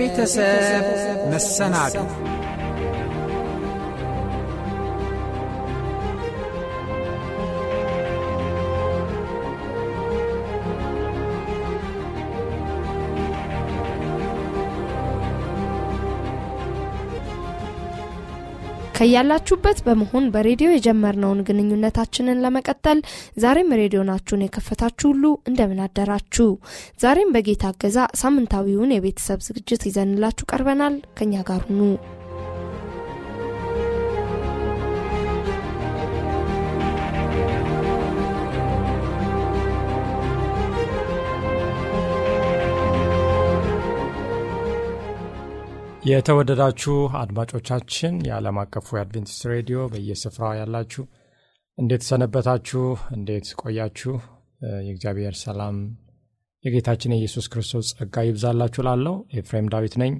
ቤተሰብ መሰናዶ ከያላችሁበት በመሆን በሬዲዮ የጀመርነውን ግንኙነታችንን ለመቀጠል ዛሬም ሬዲዮናችሁን የከፈታችሁ ሁሉ እንደምን አደራችሁ። ዛሬም በጌታ አገዛ ሳምንታዊውን የቤተሰብ ዝግጅት ይዘንላችሁ ቀርበናል። ከእኛ ጋር ሁኑ። የተወደዳችሁ አድማጮቻችን የዓለም አቀፉ የአድቬንቲስት ሬዲዮ በየስፍራው ያላችሁ እንዴት ሰነበታችሁ? እንዴት ቆያችሁ? የእግዚአብሔር ሰላም የጌታችን የኢየሱስ ክርስቶስ ጸጋ ይብዛላችሁ። ላለው ኤፍሬም ዳዊት ነኝ።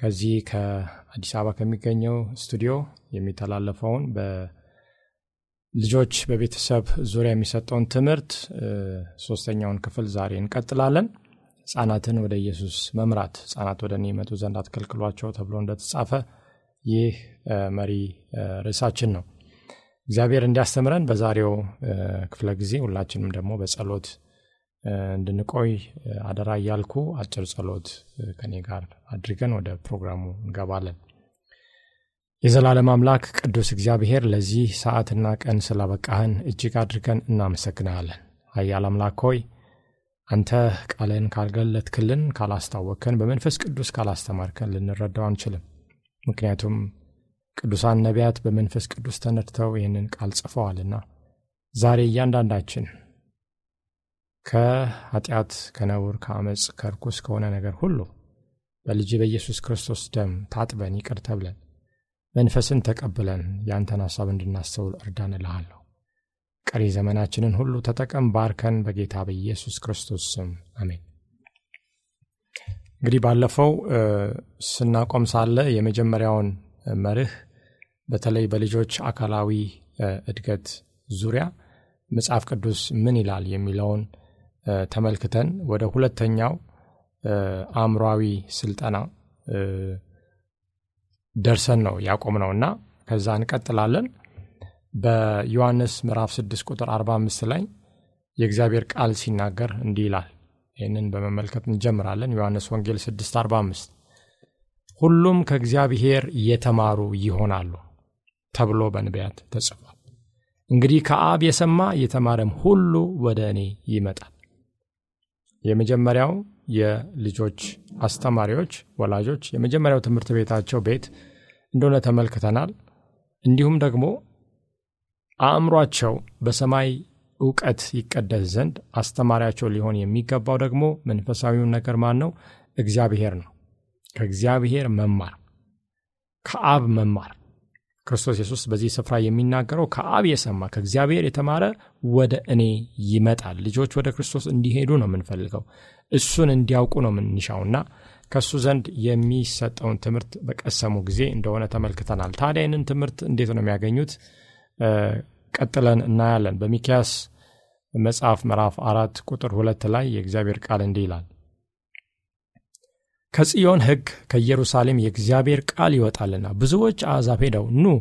ከዚህ ከአዲስ አበባ ከሚገኘው ስቱዲዮ የሚተላለፈውን በልጆች በቤተሰብ ዙሪያ የሚሰጠውን ትምህርት ሶስተኛውን ክፍል ዛሬ እንቀጥላለን። ህጻናትን ወደ ኢየሱስ መምራት ህጻናት ወደ እኔ ይመጡ ዘንድ አትከልክሏቸው ተብሎ እንደተጻፈ ይህ መሪ ርዕሳችን ነው። እግዚአብሔር እንዲያስተምረን በዛሬው ክፍለ ጊዜ ሁላችንም ደግሞ በጸሎት እንድንቆይ አደራ እያልኩ አጭር ጸሎት ከኔ ጋር አድርገን ወደ ፕሮግራሙ እንገባለን። የዘላለም አምላክ ቅዱስ እግዚአብሔር ለዚህ ሰዓትና ቀን ስላበቃህን እጅግ አድርገን እናመሰግናለን። አያል አምላክ ሆይ አንተ ቃልህን ካልገለጥክልን፣ ካላስታወቅከን፣ በመንፈስ ቅዱስ ካላስተማርከን ልንረዳው አንችልም። ምክንያቱም ቅዱሳን ነቢያት በመንፈስ ቅዱስ ተነድተው ይህንን ቃል ጽፈዋልና ዛሬ እያንዳንዳችን ከኃጢአት፣ ከነውር፣ ከአመፅ፣ ከርኩስ ከሆነ ነገር ሁሉ በልጅ በኢየሱስ ክርስቶስ ደም ታጥበን ይቅር ተብለን መንፈስን ተቀብለን ያንተን ሐሳብ እንድናስተውል እርዳን እልሃለሁ። ቀሪ ዘመናችንን ሁሉ ተጠቀም ባርከን፣ በጌታ በኢየሱስ ክርስቶስ ስም አሜን። እንግዲህ ባለፈው ስናቆም ሳለ የመጀመሪያውን መርህ በተለይ በልጆች አካላዊ እድገት ዙሪያ መጽሐፍ ቅዱስ ምን ይላል የሚለውን ተመልክተን ወደ ሁለተኛው አእምሯዊ ስልጠና ደርሰን ነው ያቆም ነው እና ከዛ እንቀጥላለን። በዮሐንስ ምዕራፍ 6 ቁጥር 45 ላይ የእግዚአብሔር ቃል ሲናገር እንዲህ ይላል። ይህንን በመመልከት እንጀምራለን። ዮሐንስ ወንጌል 6:45 ሁሉም ከእግዚአብሔር የተማሩ ይሆናሉ ተብሎ በንቢያት ተጽፏል። እንግዲህ ከአብ የሰማ የተማረም ሁሉ ወደ እኔ ይመጣል። የመጀመሪያው የልጆች አስተማሪዎች ወላጆች የመጀመሪያው ትምህርት ቤታቸው ቤት እንደሆነ ተመልክተናል። እንዲሁም ደግሞ አእምሯቸው በሰማይ እውቀት ይቀደስ ዘንድ አስተማሪያቸው ሊሆን የሚገባው ደግሞ መንፈሳዊውን ነገር ማን ነው? እግዚአብሔር ነው። ከእግዚአብሔር መማር፣ ከአብ መማር ክርስቶስ የሱስ በዚህ ስፍራ የሚናገረው ከአብ የሰማ ከእግዚአብሔር የተማረ ወደ እኔ ይመጣል። ልጆች ወደ ክርስቶስ እንዲሄዱ ነው የምንፈልገው፣ እሱን እንዲያውቁ ነው የምንሻውና ከእሱ ዘንድ የሚሰጠውን ትምህርት በቀሰሙ ጊዜ እንደሆነ ተመልክተናል። ታዲያ ይህንን ትምህርት እንዴት ነው የሚያገኙት? ቀጥለን እናያለን። በሚኪያስ መጽሐፍ ምዕራፍ አራት ቁጥር ሁለት ላይ የእግዚአብሔር ቃል እንዲህ ይላል ከጽዮን ሕግ ከኢየሩሳሌም የእግዚአብሔር ቃል ይወጣልና ብዙዎች አዛብ ሄደው ኑ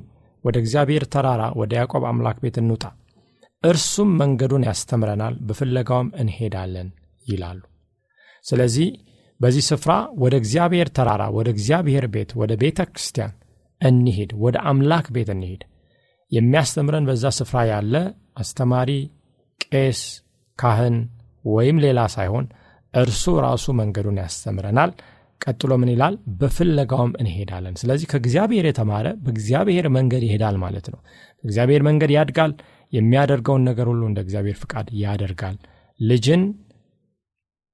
ወደ እግዚአብሔር ተራራ ወደ ያዕቆብ አምላክ ቤት እንውጣ፣ እርሱም መንገዱን ያስተምረናል፣ በፍለጋውም እንሄዳለን ይላሉ። ስለዚህ በዚህ ስፍራ ወደ እግዚአብሔር ተራራ፣ ወደ እግዚአብሔር ቤት፣ ወደ ቤተ ክርስቲያን እንሄድ ወደ አምላክ ቤት እንሄድ የሚያስተምረን በዛ ስፍራ ያለ አስተማሪ፣ ቄስ፣ ካህን ወይም ሌላ ሳይሆን እርሱ ራሱ መንገዱን ያስተምረናል። ቀጥሎ ምን ይላል? በፍለጋውም እንሄዳለን። ስለዚህ ከእግዚአብሔር የተማረ በእግዚአብሔር መንገድ ይሄዳል ማለት ነው። በእግዚአብሔር መንገድ ያድጋል። የሚያደርገውን ነገር ሁሉ እንደ እግዚአብሔር ፍቃድ ያደርጋል። ልጅን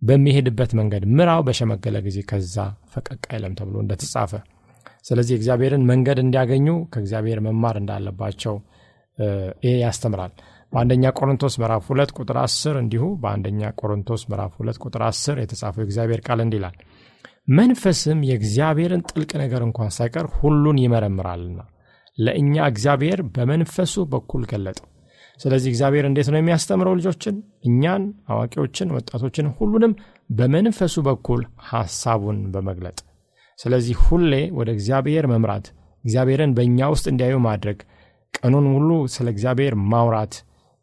በሚሄድበት መንገድ ምራው፣ በሸመገለ ጊዜ ከዛ ፈቀቅ አይለም ተብሎ እንደተጻፈ ስለዚህ እግዚአብሔርን መንገድ እንዲያገኙ ከእግዚአብሔር መማር እንዳለባቸው ይሄ ያስተምራል። በአንደኛ ቆሮንቶስ ምዕራፍ ሁለት ቁጥር አስር እንዲሁ በአንደኛ ቆሮንቶስ ምዕራፍ ሁለት ቁጥር አስር የተጻፈው የእግዚአብሔር ቃል እንዲህ ይላል መንፈስም የእግዚአብሔርን ጥልቅ ነገር እንኳን ሳይቀር ሁሉን ይመረምራልና ለእኛ እግዚአብሔር በመንፈሱ በኩል ገለጠው። ስለዚህ እግዚአብሔር እንዴት ነው የሚያስተምረው? ልጆችን፣ እኛን፣ አዋቂዎችን፣ ወጣቶችን፣ ሁሉንም በመንፈሱ በኩል ሐሳቡን በመግለጥ ስለዚህ ሁሌ ወደ እግዚአብሔር መምራት፣ እግዚአብሔርን በእኛ ውስጥ እንዲያዩ ማድረግ፣ ቀኑን ሙሉ ስለ እግዚአብሔር ማውራት፣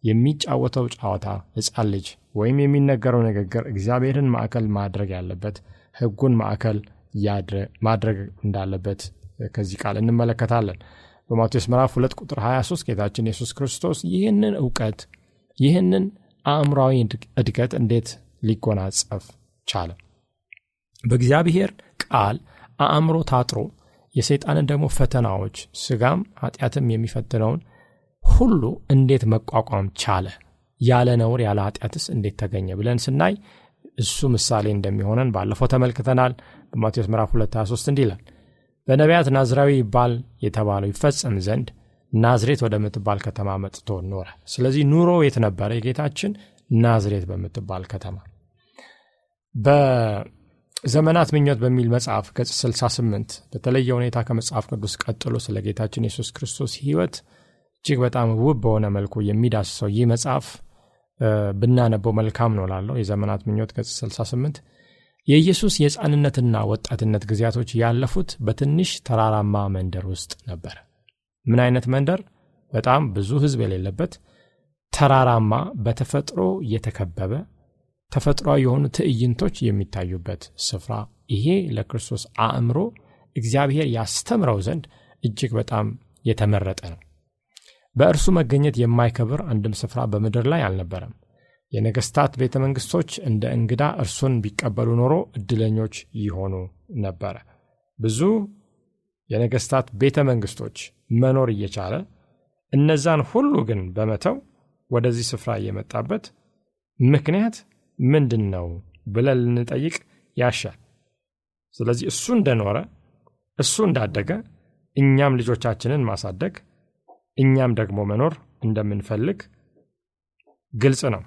የሚጫወተው ጨዋታ ህፃን ልጅ ወይም የሚነገረው ንግግር እግዚአብሔርን ማዕከል ማድረግ ያለበት ህጉን ማዕከል ማድረግ እንዳለበት ከዚህ ቃል እንመለከታለን። በማቴዎስ ምዕራፍ 2 ቁጥር 23 ጌታችን የሱስ ክርስቶስ ይህንን እውቀት ይህንን አእምራዊ እድገት እንዴት ሊጎናጸፍ ቻለ? በእግዚአብሔር ቃል አእምሮ ታጥሮ የሰይጣንን ደግሞ ፈተናዎች ስጋም ኃጢአትም የሚፈትነውን ሁሉ እንዴት መቋቋም ቻለ? ያለ ነውር ያለ ኃጢአትስ እንዴት ተገኘ ብለን ስናይ እሱ ምሳሌ እንደሚሆነን ባለፈው ተመልክተናል። በማቴዎስ ምዕራፍ 223 23 እንዲህ ይላል፣ በነቢያት ናዝራዊ ይባል የተባለው ይፈጸም ዘንድ ናዝሬት ወደምትባል ከተማ መጥቶ ኖረ። ስለዚህ ኑሮ የት ነበረ? የጌታችን ናዝሬት በምትባል ከተማ ዘመናት ምኞት በሚል መጽሐፍ ገጽ 68 በተለየ ሁኔታ ከመጽሐፍ ቅዱስ ቀጥሎ ስለ ጌታችን የሱስ ክርስቶስ ህይወት እጅግ በጣም ውብ በሆነ መልኩ የሚዳስሰው ይህ መጽሐፍ ብናነበው መልካም ነው ላለው የዘመናት ምኞት ገጽ 68 የኢየሱስ የሕፃንነትና ወጣትነት ጊዜያቶች ያለፉት በትንሽ ተራራማ መንደር ውስጥ ነበር። ምን አይነት መንደር? በጣም ብዙ ህዝብ የሌለበት ተራራማ፣ በተፈጥሮ የተከበበ ተፈጥሯዊ የሆኑ ትዕይንቶች የሚታዩበት ስፍራ። ይሄ ለክርስቶስ አእምሮ እግዚአብሔር ያስተምረው ዘንድ እጅግ በጣም የተመረጠ ነው። በእርሱ መገኘት የማይከብር አንድም ስፍራ በምድር ላይ አልነበረም። የነገስታት ቤተ መንግስቶች እንደ እንግዳ እርሱን ቢቀበሉ ኖሮ እድለኞች ይሆኑ ነበረ። ብዙ የነገስታት ቤተ መንግስቶች መኖር እየቻለ እነዛን ሁሉ ግን በመተው ወደዚህ ስፍራ የመጣበት ምክንያት ምንድን ነው ብለን ልንጠይቅ ያሻል። ስለዚህ እሱ እንደኖረ እሱ እንዳደገ እኛም ልጆቻችንን ማሳደግ እኛም ደግሞ መኖር እንደምንፈልግ ግልጽ ነው።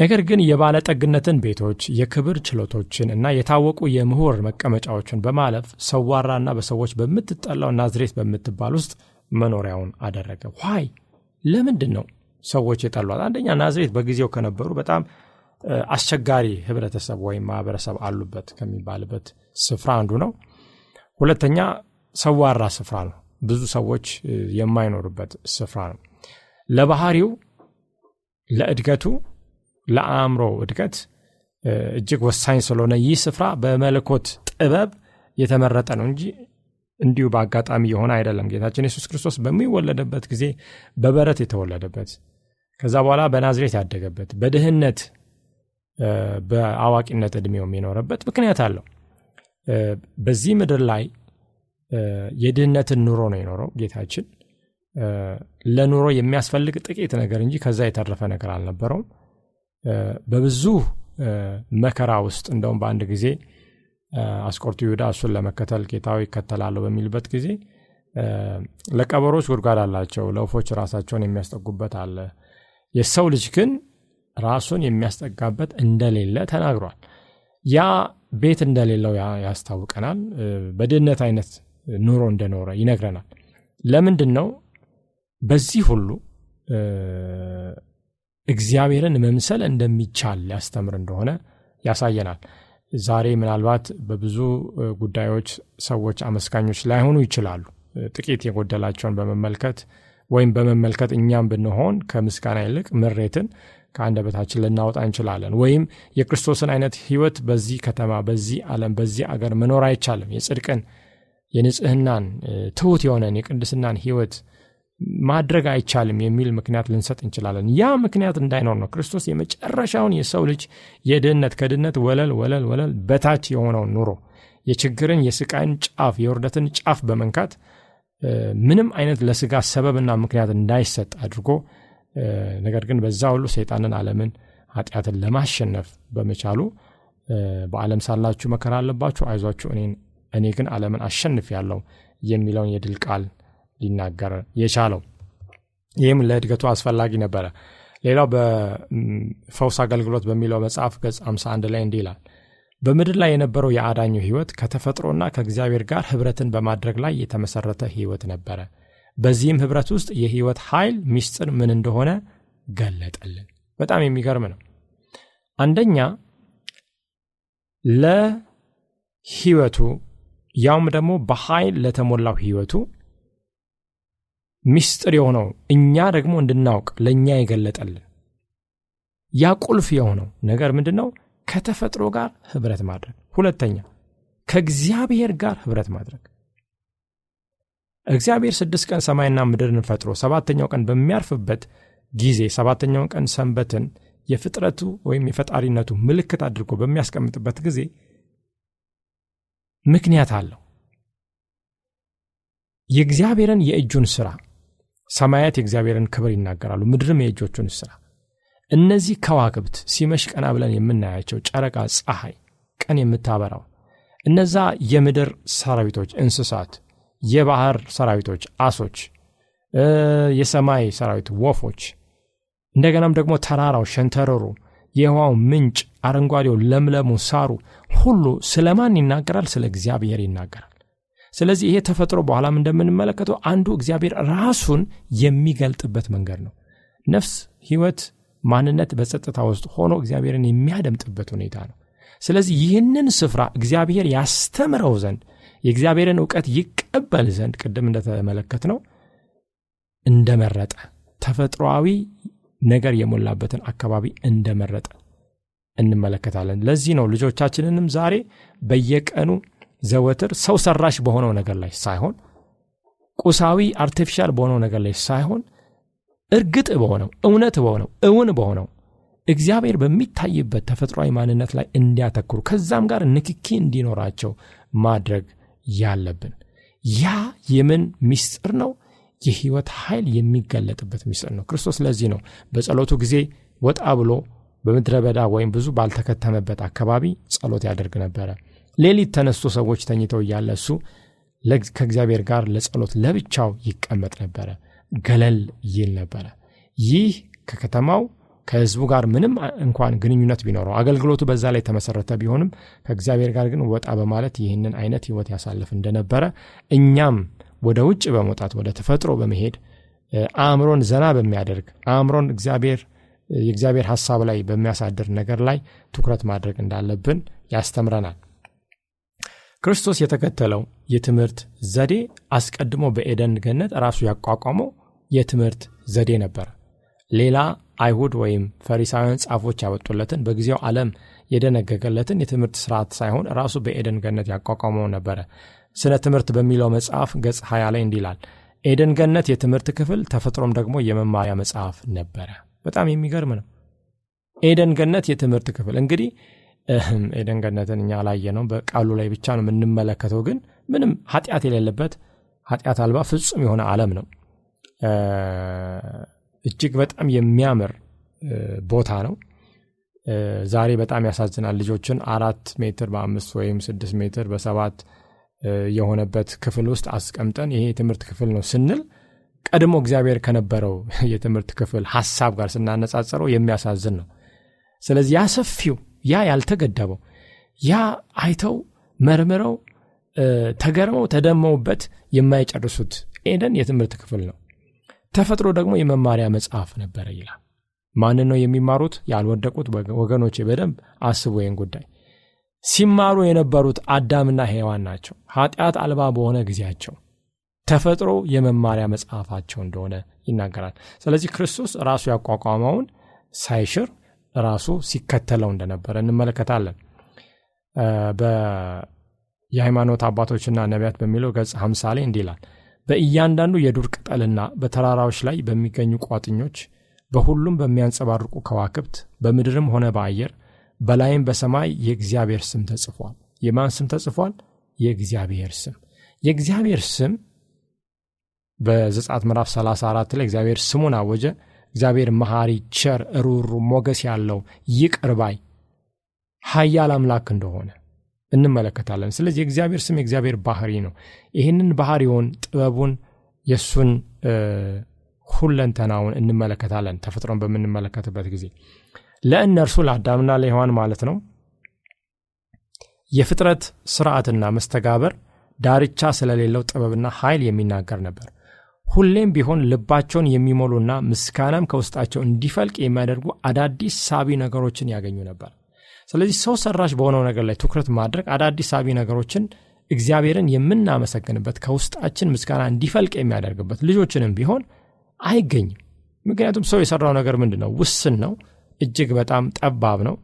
ነገር ግን የባለጠግነትን ቤቶች፣ የክብር ችሎቶችን እና የታወቁ የምሁር መቀመጫዎችን በማለፍ ሰዋራና በሰዎች በምትጠላው ናዝሬት በምትባል ውስጥ መኖሪያውን አደረገ። ይ ለምንድን ነው ሰዎች የጠሏት። አንደኛ ናዝሬት በጊዜው ከነበሩ በጣም አስቸጋሪ ህብረተሰብ ወይም ማህበረሰብ አሉበት ከሚባልበት ስፍራ አንዱ ነው። ሁለተኛ ሰዋራ ስፍራ ነው። ብዙ ሰዎች የማይኖሩበት ስፍራ ነው። ለባህሪው፣ ለእድገቱ፣ ለአእምሮ እድገት እጅግ ወሳኝ ስለሆነ ይህ ስፍራ በመለኮት ጥበብ የተመረጠ ነው እንጂ እንዲሁ በአጋጣሚ የሆነ አይደለም። ጌታችን ኢየሱስ ክርስቶስ በሚወለደበት ጊዜ በበረት የተወለደበት ከዛ በኋላ በናዝሬት ያደገበት በድህነት በአዋቂነት እድሜው የኖረበት ምክንያት አለው። በዚህ ምድር ላይ የድህነትን ኑሮ ነው የኖረው ጌታችን። ለኑሮ የሚያስፈልግ ጥቂት ነገር እንጂ ከዛ የተረፈ ነገር አልነበረውም። በብዙ መከራ ውስጥ እንደውም በአንድ ጊዜ አስቆርቱ ይሁዳ እሱን ለመከተል ጌታው ይከተላለሁ በሚልበት ጊዜ ለቀበሮች ጉድጓድ አላቸው፣ ለውፎች ራሳቸውን የሚያስጠጉበት አለ፣ የሰው ልጅ ግን ራሱን የሚያስጠጋበት እንደሌለ ተናግሯል። ያ ቤት እንደሌለው ያስታውቀናል። በድህነት አይነት ኑሮ እንደኖረ ይነግረናል። ለምንድን ነው በዚህ ሁሉ እግዚአብሔርን መምሰል እንደሚቻል ሊያስተምር እንደሆነ ያሳየናል። ዛሬ ምናልባት በብዙ ጉዳዮች ሰዎች አመስጋኞች ላይሆኑ ይችላሉ። ጥቂት የጎደላቸውን በመመልከት ወይም በመመልከት እኛም ብንሆን ከምስጋና ይልቅ ምሬትን በታችን ልናወጣ እንችላለን። ወይም የክርስቶስን አይነት ህይወት በዚህ ከተማ፣ በዚህ ዓለም፣ በዚህ አገር መኖር አይቻልም። የጽድቅን፣ የንጽህናን፣ ትሑት የሆነን የቅድስናን ህይወት ማድረግ አይቻልም የሚል ምክንያት ልንሰጥ እንችላለን። ያ ምክንያት እንዳይኖር ነው ክርስቶስ የመጨረሻውን የሰው ልጅ የድህነት ከድህነት ወለል ወለል ወለል በታች የሆነውን ኑሮ የችግርን፣ የስቃይን ጫፍ የውርደትን ጫፍ በመንካት ምንም አይነት ለስጋ ሰበብና ምክንያት እንዳይሰጥ አድርጎ ነገር ግን በዛ ሁሉ ሰይጣንን አለምን ኃጢአትን ለማሸነፍ በመቻሉ በዓለም ሳላችሁ መከራ አለባችሁ፣ አይዟችሁ እኔን እኔ ግን አለምን አሸንፍ ያለው የሚለውን የድል ቃል ሊናገር የቻለው ይህም ለእድገቱ አስፈላጊ ነበረ። ሌላው በፈውስ አገልግሎት በሚለው መጽሐፍ ገጽ 51 ላይ እንዲህ ይላል በምድር ላይ የነበረው የአዳኙ ሕይወት ከተፈጥሮና ከእግዚአብሔር ጋር ኅብረትን በማድረግ ላይ የተመሠረተ ሕይወት ነበረ። በዚህም ኅብረት ውስጥ የሕይወት ኃይል ምስጢር ምን እንደሆነ ገለጠልን። በጣም የሚገርም ነው። አንደኛ ለሕይወቱ ያውም ደግሞ በኃይል ለተሞላው ሕይወቱ ምስጢር የሆነው እኛ ደግሞ እንድናውቅ ለእኛ የገለጠልን ያ ቁልፍ የሆነው ነገር ምንድን ነው? ከተፈጥሮ ጋር ህብረት ማድረግ። ሁለተኛ ከእግዚአብሔር ጋር ህብረት ማድረግ። እግዚአብሔር ስድስት ቀን ሰማይና ምድርን ፈጥሮ ሰባተኛው ቀን በሚያርፍበት ጊዜ ሰባተኛውን ቀን ሰንበትን የፍጥረቱ ወይም የፈጣሪነቱ ምልክት አድርጎ በሚያስቀምጥበት ጊዜ ምክንያት አለው። የእግዚአብሔርን የእጁን ስራ ሰማያት የእግዚአብሔርን ክብር ይናገራሉ፣ ምድርም የእጆቹን ስራ እነዚህ ከዋክብት ሲመሽ ቀና ብለን የምናያቸው ጨረቃ፣ ፀሐይ፣ ቀን የምታበራው እነዛ የምድር ሰራዊቶች፣ እንስሳት፣ የባህር ሰራዊቶች፣ አሶች፣ የሰማይ ሰራዊት፣ ወፎች፣ እንደገናም ደግሞ ተራራው፣ ሸንተረሩ፣ የውሃው ምንጭ፣ አረንጓዴው፣ ለምለሙ፣ ሳሩ ሁሉ ስለ ማን ይናገራል? ስለ እግዚአብሔር ይናገራል። ስለዚህ ይሄ ተፈጥሮ በኋላም እንደምንመለከተው አንዱ እግዚአብሔር ራሱን የሚገልጥበት መንገድ ነው። ነፍስ ህይወት ማንነት በጸጥታ ውስጥ ሆኖ እግዚአብሔርን የሚያደምጥበት ሁኔታ ነው። ስለዚህ ይህንን ስፍራ እግዚአብሔር ያስተምረው ዘንድ የእግዚአብሔርን እውቀት ይቀበል ዘንድ ቅድም እንደተመለከት ነው እንደመረጠ ተፈጥሯዊ ነገር የሞላበትን አካባቢ እንደመረጠ እንመለከታለን። ለዚህ ነው ልጆቻችንንም ዛሬ በየቀኑ ዘወትር ሰው ሰራሽ በሆነው ነገር ላይ ሳይሆን ቁሳዊ አርቲፊሻል በሆነው ነገር ላይ ሳይሆን እርግጥ በሆነው እውነት በሆነው እውን በሆነው እግዚአብሔር በሚታይበት ተፈጥሯዊ ማንነት ላይ እንዲያተኩሩ ከዛም ጋር ንክኪ እንዲኖራቸው ማድረግ ያለብን ያ የምን ሚስጥር ነው? የህይወት ኃይል የሚገለጥበት ሚስጥር ነው። ክርስቶስ ለዚህ ነው በጸሎቱ ጊዜ ወጣ ብሎ በምድረ በዳ ወይም ብዙ ባልተከተመበት አካባቢ ጸሎት ያደርግ ነበረ። ሌሊት ተነስቶ ሰዎች ተኝተው እያለ እሱ ከእግዚአብሔር ጋር ለጸሎት ለብቻው ይቀመጥ ነበረ። ገለል ይል ነበረ። ይህ ከከተማው ከህዝቡ ጋር ምንም እንኳን ግንኙነት ቢኖረው አገልግሎቱ በዛ ላይ የተመሰረተ ቢሆንም ከእግዚአብሔር ጋር ግን ወጣ በማለት ይህንን አይነት ህይወት ያሳልፍ እንደነበረ እኛም ወደ ውጭ በመውጣት ወደ ተፈጥሮ በመሄድ አእምሮን ዘና በሚያደርግ አእምሮን እግዚአብሔር የእግዚአብሔር ሀሳብ ላይ በሚያሳድር ነገር ላይ ትኩረት ማድረግ እንዳለብን ያስተምረናል። ክርስቶስ የተከተለው የትምህርት ዘዴ አስቀድሞ በኤደን ገነት ራሱ ያቋቋመው የትምህርት ዘዴ ነበር። ሌላ አይሁድ ወይም ፈሪሳውያን ጻፎች ያወጡለትን በጊዜው ዓለም የደነገገለትን የትምህርት ስርዓት ሳይሆን ራሱ በኤደን ገነት ያቋቋመው ነበረ። ስነ ትምህርት በሚለው መጽሐፍ ገጽ 20 ላይ እንዲህ ይላል። ኤደን ገነት የትምህርት ክፍል፣ ተፈጥሮም ደግሞ የመማሪያ መጽሐፍ ነበረ። በጣም የሚገርም ነው። ኤደን ገነት የትምህርት ክፍል እንግዲህ ኤደን ገነትን እኛ ላየ ነው በቃሉ ላይ ብቻ ነው የምንመለከተው። ግን ምንም ኃጢአት የሌለበት ኃጢአት አልባ ፍጹም የሆነ ዓለም ነው። እጅግ በጣም የሚያምር ቦታ ነው። ዛሬ በጣም ያሳዝናል። ልጆችን አራት ሜትር በአምስት ወይም ስድስት ሜትር በሰባት የሆነበት ክፍል ውስጥ አስቀምጠን ይሄ የትምህርት ክፍል ነው ስንል ቀድሞ እግዚአብሔር ከነበረው የትምህርት ክፍል ሀሳብ ጋር ስናነጻጸረው የሚያሳዝን ነው። ስለዚህ ያ ሰፊው፣ ያ ያልተገደበው፣ ያ አይተው መርምረው ተገርመው ተደመውበት የማይጨርሱት ኤደን የትምህርት ክፍል ነው። ተፈጥሮ ደግሞ የመማሪያ መጽሐፍ ነበረ ይላል። ማንን ነው የሚማሩት? ያልወደቁት ወገኖች በደንብ አስቡ ይህን ጉዳይ። ሲማሩ የነበሩት አዳምና ሔዋን ናቸው። ኃጢአት አልባ በሆነ ጊዜያቸው ተፈጥሮ የመማሪያ መጽሐፋቸው እንደሆነ ይናገራል። ስለዚህ ክርስቶስ ራሱ ያቋቋመውን ሳይሽር ራሱ ሲከተለው እንደነበረ እንመለከታለን። የሃይማኖት አባቶችና ነቢያት በሚለው ገጽ ሀምሳሌ እንዲህ ይላል በእያንዳንዱ የዱር ቅጠልና በተራራዎች ላይ በሚገኙ ቋጥኞች፣ በሁሉም በሚያንጸባርቁ ከዋክብት፣ በምድርም ሆነ በአየር በላይም በሰማይ የእግዚአብሔር ስም ተጽፏል። የማን ስም ተጽፏል? የእግዚአብሔር ስም። የእግዚአብሔር ስም በዘጻት ምዕራፍ 34 ላይ እግዚአብሔር ስሙን አወጀ። እግዚአብሔር መሐሪ፣ ቸር፣ ሩሩ፣ ሞገስ ያለው ይቅርባይ ሀያል አምላክ እንደሆነ እንመለከታለን። ስለዚህ የእግዚአብሔር ስም የእግዚአብሔር ባህሪ ነው። ይህንን ባህሪውን፣ ጥበቡን፣ የእሱን ሁለንተናውን እንመለከታለን። ተፈጥሮን በምንመለከትበት ጊዜ ለእነርሱ ለአዳምና ለሔዋን ማለት ነው የፍጥረት ስርዓትና መስተጋበር ዳርቻ ስለሌለው ጥበብና ኃይል የሚናገር ነበር። ሁሌም ቢሆን ልባቸውን የሚሞሉና ምስጋናም ከውስጣቸው እንዲፈልቅ የሚያደርጉ አዳዲስ ሳቢ ነገሮችን ያገኙ ነበር። ስለዚህ ሰው ሰራሽ በሆነው ነገር ላይ ትኩረት ማድረግ አዳዲስ ሳቢ ነገሮችን እግዚአብሔርን የምናመሰግንበት ከውስጣችን ምስጋና እንዲፈልቅ የሚያደርግበት ልጆችንም ቢሆን አይገኝም። ምክንያቱም ሰው የሰራው ነገር ምንድን ነው? ውስን ነው። እጅግ በጣም ጠባብ ነው።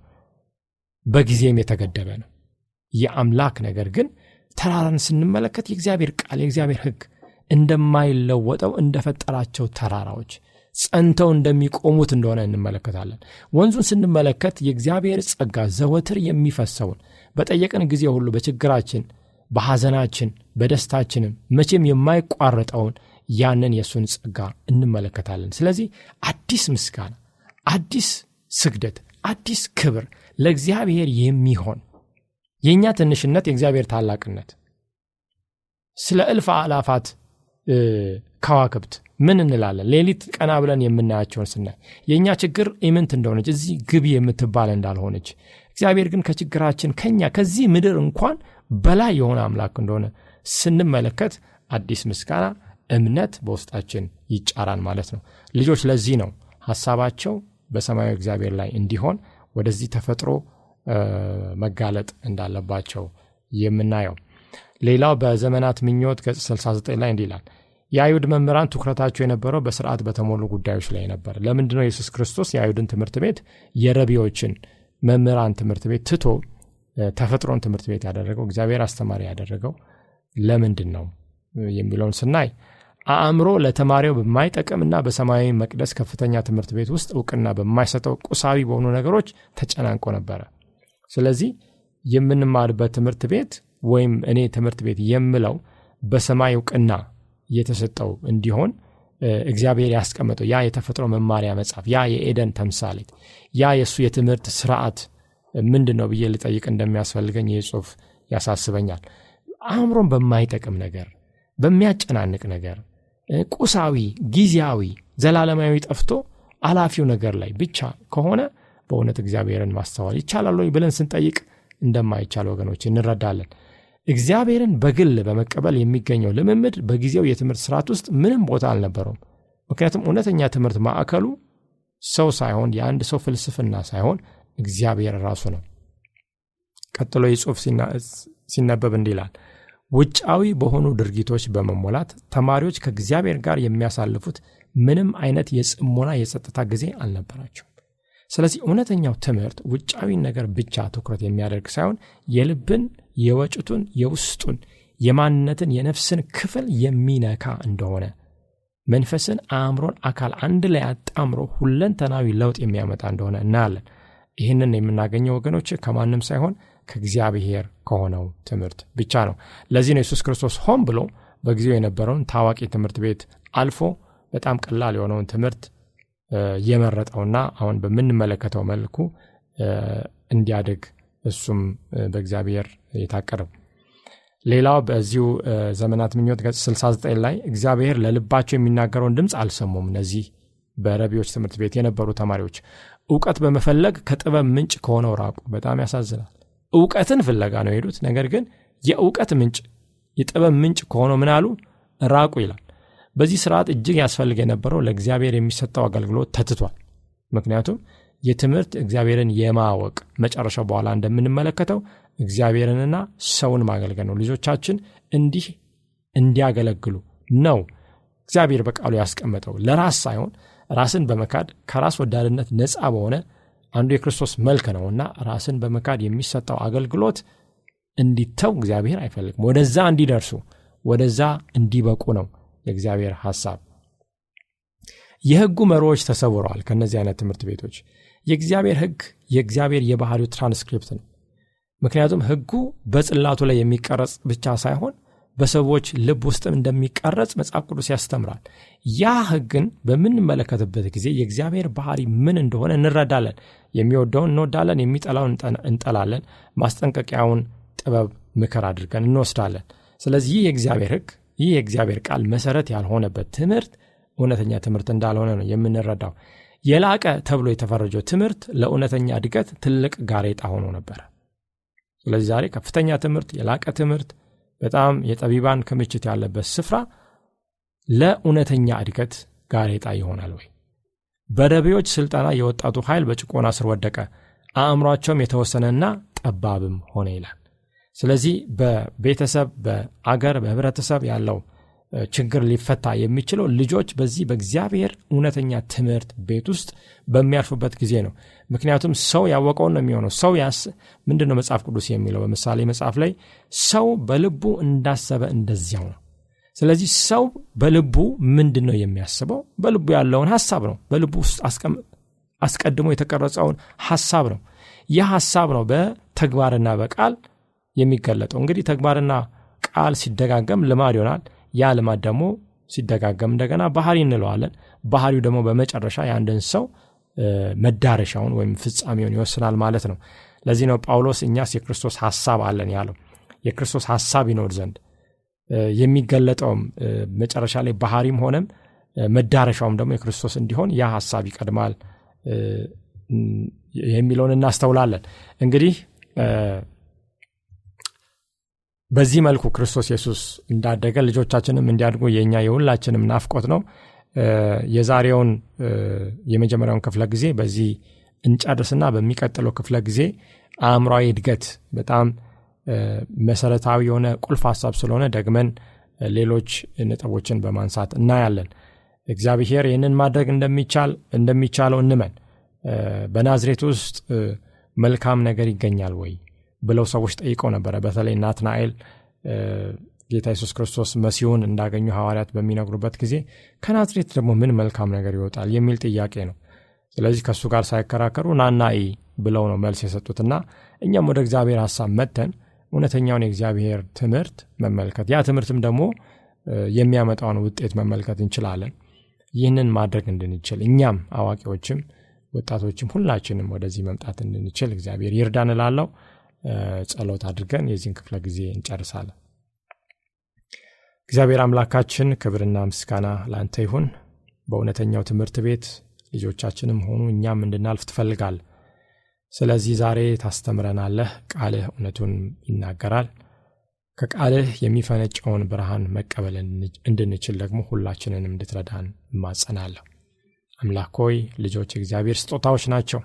በጊዜም የተገደበ ነው። የአምላክ ነገር ግን ተራራን ስንመለከት የእግዚአብሔር ቃል የእግዚአብሔር ህግ እንደማይለወጠው እንደፈጠራቸው ተራራዎች ጸንተው እንደሚቆሙት እንደሆነ እንመለከታለን። ወንዙን ስንመለከት የእግዚአብሔር ጸጋ ዘወትር የሚፈሰውን በጠየቅን ጊዜ ሁሉ በችግራችን፣ በሐዘናችን፣ በደስታችንም መቼም የማይቋረጠውን ያንን የእሱን ጸጋ እንመለከታለን። ስለዚህ አዲስ ምስጋና፣ አዲስ ስግደት፣ አዲስ ክብር ለእግዚአብሔር የሚሆን የእኛ ትንሽነት የእግዚአብሔር ታላቅነት ስለ እልፍ አላፋት ከዋክብት ምን እንላለን? ሌሊት ቀና ብለን የምናያቸውን ስናይ የእኛ ችግር ኢምንት እንደሆነች እዚህ ግቢ የምትባል እንዳልሆነች እግዚአብሔር ግን ከችግራችን ከኛ ከዚህ ምድር እንኳን በላይ የሆነ አምላክ እንደሆነ ስንመለከት አዲስ ምስጋና፣ እምነት በውስጣችን ይጫራል ማለት ነው። ልጆች ለዚህ ነው ሀሳባቸው በሰማያዊ እግዚአብሔር ላይ እንዲሆን ወደዚህ ተፈጥሮ መጋለጥ እንዳለባቸው የምናየው። ሌላው በዘመናት ምኞት ገጽ 69 ላይ እንዲላል ይላል የአይሁድ መምህራን ትኩረታቸው የነበረው በስርዓት በተሞሉ ጉዳዮች ላይ ነበር። ለምንድነው የሱስ ክርስቶስ የአይሁድን ትምህርት ቤት የረቢዎችን መምህራን ትምህርት ቤት ትቶ ተፈጥሮን ትምህርት ቤት ያደረገው እግዚአብሔር አስተማሪ ያደረገው ለምንድን ነው የሚለውን ስናይ አእምሮ ለተማሪው በማይጠቅምና በሰማያዊ መቅደስ ከፍተኛ ትምህርት ቤት ውስጥ እውቅና በማይሰጠው ቁሳዊ በሆኑ ነገሮች ተጨናንቆ ነበረ። ስለዚህ የምንማርበት ትምህርት ቤት ወይም እኔ ትምህርት ቤት የምለው በሰማይ እውቅና የተሰጠው እንዲሆን እግዚአብሔር ያስቀመጠው ያ የተፈጥሮ መማሪያ መጽሐፍ፣ ያ የኤደን ተምሳሌት፣ ያ የእሱ የትምህርት ስርዓት ምንድን ነው ብዬ ልጠይቅ እንደሚያስፈልገኝ ይህ ጽሁፍ ያሳስበኛል። አእምሮን በማይጠቅም ነገር፣ በሚያጨናንቅ ነገር፣ ቁሳዊ፣ ጊዜያዊ፣ ዘላለማዊ ጠፍቶ አላፊው ነገር ላይ ብቻ ከሆነ በእውነት እግዚአብሔርን ማስተዋል ይቻላል ወይ ብለን ስንጠይቅ እንደማይቻል ወገኖች እንረዳለን። እግዚአብሔርን በግል በመቀበል የሚገኘው ልምምድ በጊዜው የትምህርት ስርዓት ውስጥ ምንም ቦታ አልነበረውም። ምክንያቱም እውነተኛ ትምህርት ማዕከሉ ሰው ሳይሆን የአንድ ሰው ፍልስፍና ሳይሆን እግዚአብሔር ራሱ ነው። ቀጥሎ ይህ ሲነበብ እንዲህ ይላል። ውጫዊ በሆኑ ድርጊቶች በመሞላት ተማሪዎች ከእግዚአብሔር ጋር የሚያሳልፉት ምንም አይነት የጽሞና የጸጥታ ጊዜ አልነበራቸውም። ስለዚህ እውነተኛው ትምህርት ውጫዊን ነገር ብቻ ትኩረት የሚያደርግ ሳይሆን የልብን የወጭቱን የውስጡን የማንነትን የነፍስን ክፍል የሚነካ እንደሆነ መንፈስን፣ አእምሮን፣ አካል አንድ ላይ አጣምሮ ሁለንተናዊ ለውጥ የሚያመጣ እንደሆነ እናያለን። ይህንን የምናገኘው ወገኖች ከማንም ሳይሆን ከእግዚአብሔር ከሆነው ትምህርት ብቻ ነው። ለዚህ ነው ኢየሱስ ክርስቶስ ሆን ብሎ በጊዜው የነበረውን ታዋቂ ትምህርት ቤት አልፎ በጣም ቀላል የሆነውን ትምህርት የመረጠውና አሁን በምንመለከተው መልኩ እንዲያድግ እሱም በእግዚአብሔር የታቀደው። ሌላው በዚሁ ዘመናት ምኞት ገጽ 69 ላይ እግዚአብሔር ለልባቸው የሚናገረውን ድምፅ አልሰሙም። እነዚህ በረቢዎች ትምህርት ቤት የነበሩ ተማሪዎች እውቀት በመፈለግ ከጥበብ ምንጭ ከሆነው ራቁ። በጣም ያሳዝናል። እውቀትን ፍለጋ ነው የሄዱት። ነገር ግን የእውቀት ምንጭ የጥበብ ምንጭ ከሆነው ምን አሉ? ራቁ ይላል። በዚህ ስርዓት እጅግ ያስፈልግ የነበረው ለእግዚአብሔር የሚሰጠው አገልግሎት ተትቷል። ምክንያቱም የትምህርት እግዚአብሔርን የማወቅ መጨረሻው በኋላ እንደምንመለከተው እግዚአብሔርንና ሰውን ማገልገል ነው። ልጆቻችን እንዲህ እንዲያገለግሉ ነው እግዚአብሔር በቃሉ ያስቀመጠው። ለራስ ሳይሆን ራስን በመካድ ከራስ ወዳድነት ነፃ በሆነ አንዱ የክርስቶስ መልክ ነውና ራስን በመካድ የሚሰጠው አገልግሎት እንዲተው እግዚአብሔር አይፈልግም። ወደዛ እንዲደርሱ ወደዛ እንዲበቁ ነው የእግዚአብሔር ሐሳብ። የህጉ መሪዎች ተሰውረዋል ከእነዚህ አይነት ትምህርት ቤቶች። የእግዚአብሔር ህግ የእግዚአብሔር የባህሪው ትራንስክሪፕት ነው። ምክንያቱም ህጉ በጽላቱ ላይ የሚቀረጽ ብቻ ሳይሆን በሰዎች ልብ ውስጥም እንደሚቀረጽ መጽሐፍ ቅዱስ ያስተምራል። ያ ህግን በምንመለከትበት ጊዜ የእግዚአብሔር ባህሪ ምን እንደሆነ እንረዳለን። የሚወደውን እንወዳለን፣ የሚጠላውን እንጠላለን። ማስጠንቀቂያውን ጥበብ፣ ምክር አድርገን እንወስዳለን። ስለዚህ ይህ የእግዚአብሔር ህግ ይህ የእግዚአብሔር ቃል መሰረት ያልሆነበት ትምህርት እውነተኛ ትምህርት እንዳልሆነ ነው የምንረዳው። የላቀ ተብሎ የተፈረጀው ትምህርት ለእውነተኛ እድገት ትልቅ ጋሬጣ ሆኖ ነበር። ስለዚህ ዛሬ ከፍተኛ ትምህርት፣ የላቀ ትምህርት፣ በጣም የጠቢባን ክምችት ያለበት ስፍራ ለእውነተኛ እድገት ጋሬጣ ይሆናል ወይ? በደቢዎች ስልጠና የወጣቱ ኃይል በጭቆና ስር ወደቀ፣ አእምሯቸውም የተወሰነና ጠባብም ሆነ ይላል። ስለዚህ በቤተሰብ በአገር በህብረተሰብ ያለው ችግር ሊፈታ የሚችለው ልጆች በዚህ በእግዚአብሔር እውነተኛ ትምህርት ቤት ውስጥ በሚያልፉበት ጊዜ ነው። ምክንያቱም ሰው ያወቀውን ነው የሚሆነው። ሰው ያስ ነው መጽሐፍ ቅዱስ የሚለው በምሳሌ መጽሐፍ ላይ ሰው በልቡ እንዳሰበ እንደዚያው ነው። ስለዚህ ሰው በልቡ ምንድን ነው የሚያስበው? በልቡ ያለውን ሀሳብ ነው። በልቡ ውስጥ አስቀድሞ የተቀረጸውን ሀሳብ ነው። ይህ ሀሳብ ነው በተግባርና በቃል የሚገለጠው። እንግዲህ ተግባርና ቃል ሲደጋገም ልማድ ይሆናል። ያ ልማድ ደግሞ ሲደጋገም እንደገና ባህሪ እንለዋለን። ባህሪው ደግሞ በመጨረሻ የአንድን ሰው መዳረሻውን ወይም ፍጻሜውን ይወስናል ማለት ነው። ለዚህ ነው ጳውሎስ እኛስ የክርስቶስ ሐሳብ አለን ያለው። የክርስቶስ ሐሳብ ይኖር ዘንድ የሚገለጠውም መጨረሻ ላይ ባህሪም ሆነም መዳረሻውም ደግሞ የክርስቶስ እንዲሆን ያ ሐሳብ ይቀድማል የሚለውን እናስተውላለን እንግዲህ በዚህ መልኩ ክርስቶስ ኢየሱስ እንዳደገ ልጆቻችንም እንዲያድጉ የእኛ የሁላችንም ናፍቆት ነው። የዛሬውን የመጀመሪያውን ክፍለ ጊዜ በዚህ እንጨርስና በሚቀጥለው ክፍለ ጊዜ አእምሯዊ እድገት በጣም መሰረታዊ የሆነ ቁልፍ ሀሳብ ስለሆነ ደግመን ሌሎች ነጥቦችን በማንሳት እናያለን። እግዚአብሔር ይህንን ማድረግ እንደሚቻል እንደሚቻለው እንመን። በናዝሬት ውስጥ መልካም ነገር ይገኛል ወይ? ብለው ሰዎች ጠይቀው ነበረ። በተለይ ናትናኤል ጌታ የሱስ ክርስቶስ መሲሁን እንዳገኙ ሐዋርያት በሚነግሩበት ጊዜ ከናዝሬት ደግሞ ምን መልካም ነገር ይወጣል የሚል ጥያቄ ነው። ስለዚህ ከእሱ ጋር ሳይከራከሩ ናና ብለው ነው መልስ የሰጡትና እኛም ወደ እግዚአብሔር ሐሳብ መተን እውነተኛውን የእግዚአብሔር ትምህርት መመልከት ያ ትምህርትም ደግሞ የሚያመጣውን ውጤት መመልከት እንችላለን። ይህንን ማድረግ እንድንችል እኛም አዋቂዎችም ወጣቶችም ሁላችንም ወደዚህ መምጣት እንድንችል እግዚአብሔር ይርዳንላለው። ጸሎት አድርገን የዚህን ክፍለ ጊዜ እንጨርሳለን። እግዚአብሔር አምላካችን ክብርና ምስጋና ላንተ ይሁን። በእውነተኛው ትምህርት ቤት ልጆቻችንም ሆኑ እኛም እንድናልፍ ትፈልጋል። ስለዚህ ዛሬ ታስተምረናለህ። ቃልህ እውነቱን ይናገራል። ከቃልህ የሚፈነጨውን ብርሃን መቀበል እንድንችል ደግሞ ሁላችንንም እንድትረዳን እማጸናለሁ። አምላክ ሆይ ልጆች እግዚአብሔር ስጦታዎች ናቸው።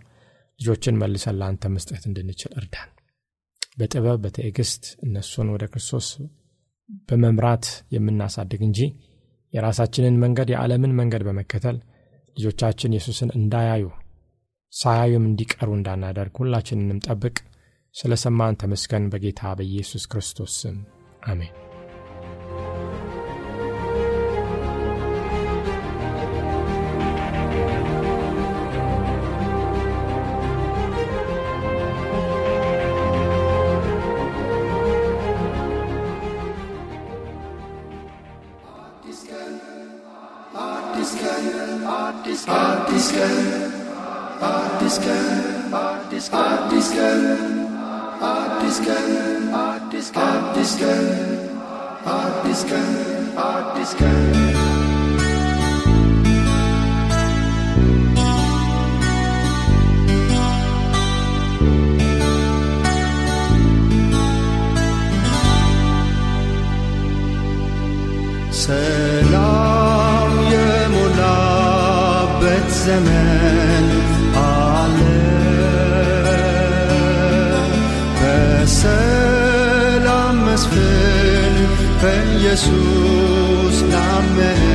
ልጆችን መልሰን ለአንተ መስጠት እንድንችል እርዳን። በጥበብ በትዕግስት እነሱን ወደ ክርስቶስ በመምራት የምናሳድግ እንጂ የራሳችንን መንገድ የዓለምን መንገድ በመከተል ልጆቻችን ኢየሱስን እንዳያዩ ሳያዩም እንዲቀሩ እንዳናደርግ ሁላችንንም ጠብቅ። ስለ ሰማን ተመስገን። በጌታ በኢየሱስ ክርስቶስ ስም አሜን። ዘመን አለ በሰላም መስፍን በኢየሱስ ናመን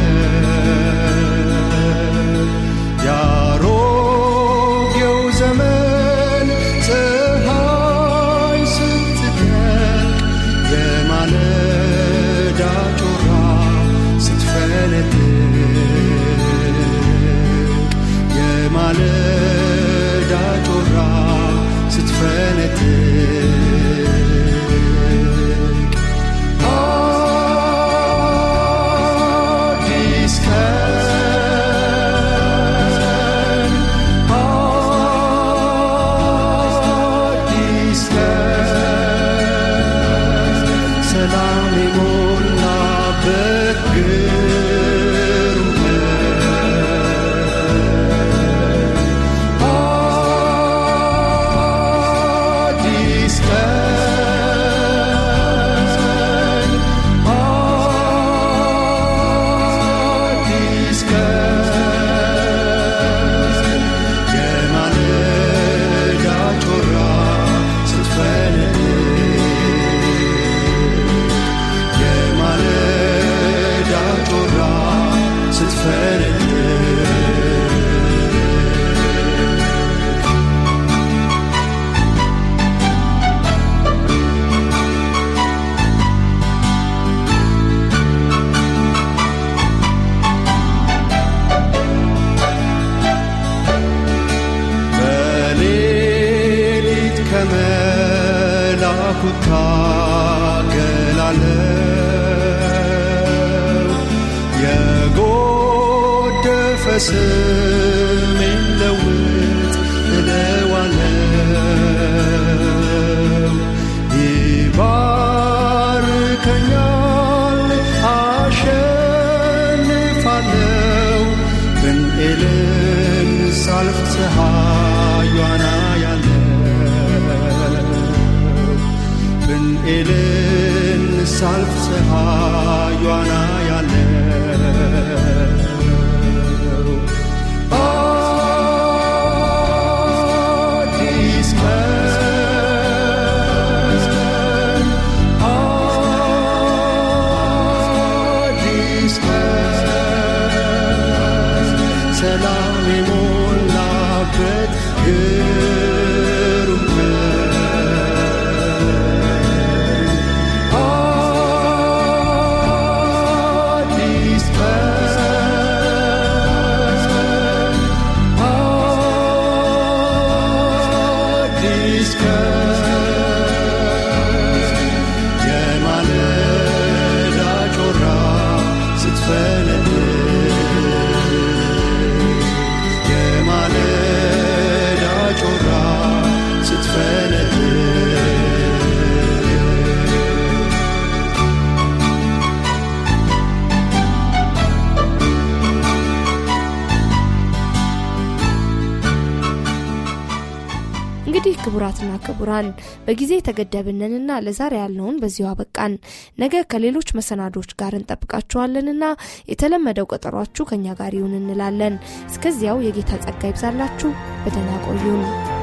ክቡራትና ክቡራን በጊዜ የተገደብንንና ለዛሬ ያለውን በዚሁ አበቃን። ነገ ከሌሎች መሰናዶች ጋር እንጠብቃችኋለንና የተለመደው ቀጠሯችሁ ከእኛ ጋር ይሁን እንላለን። እስከዚያው የጌታ ጸጋ ይብዛላችሁ። በደህና ቆዩን።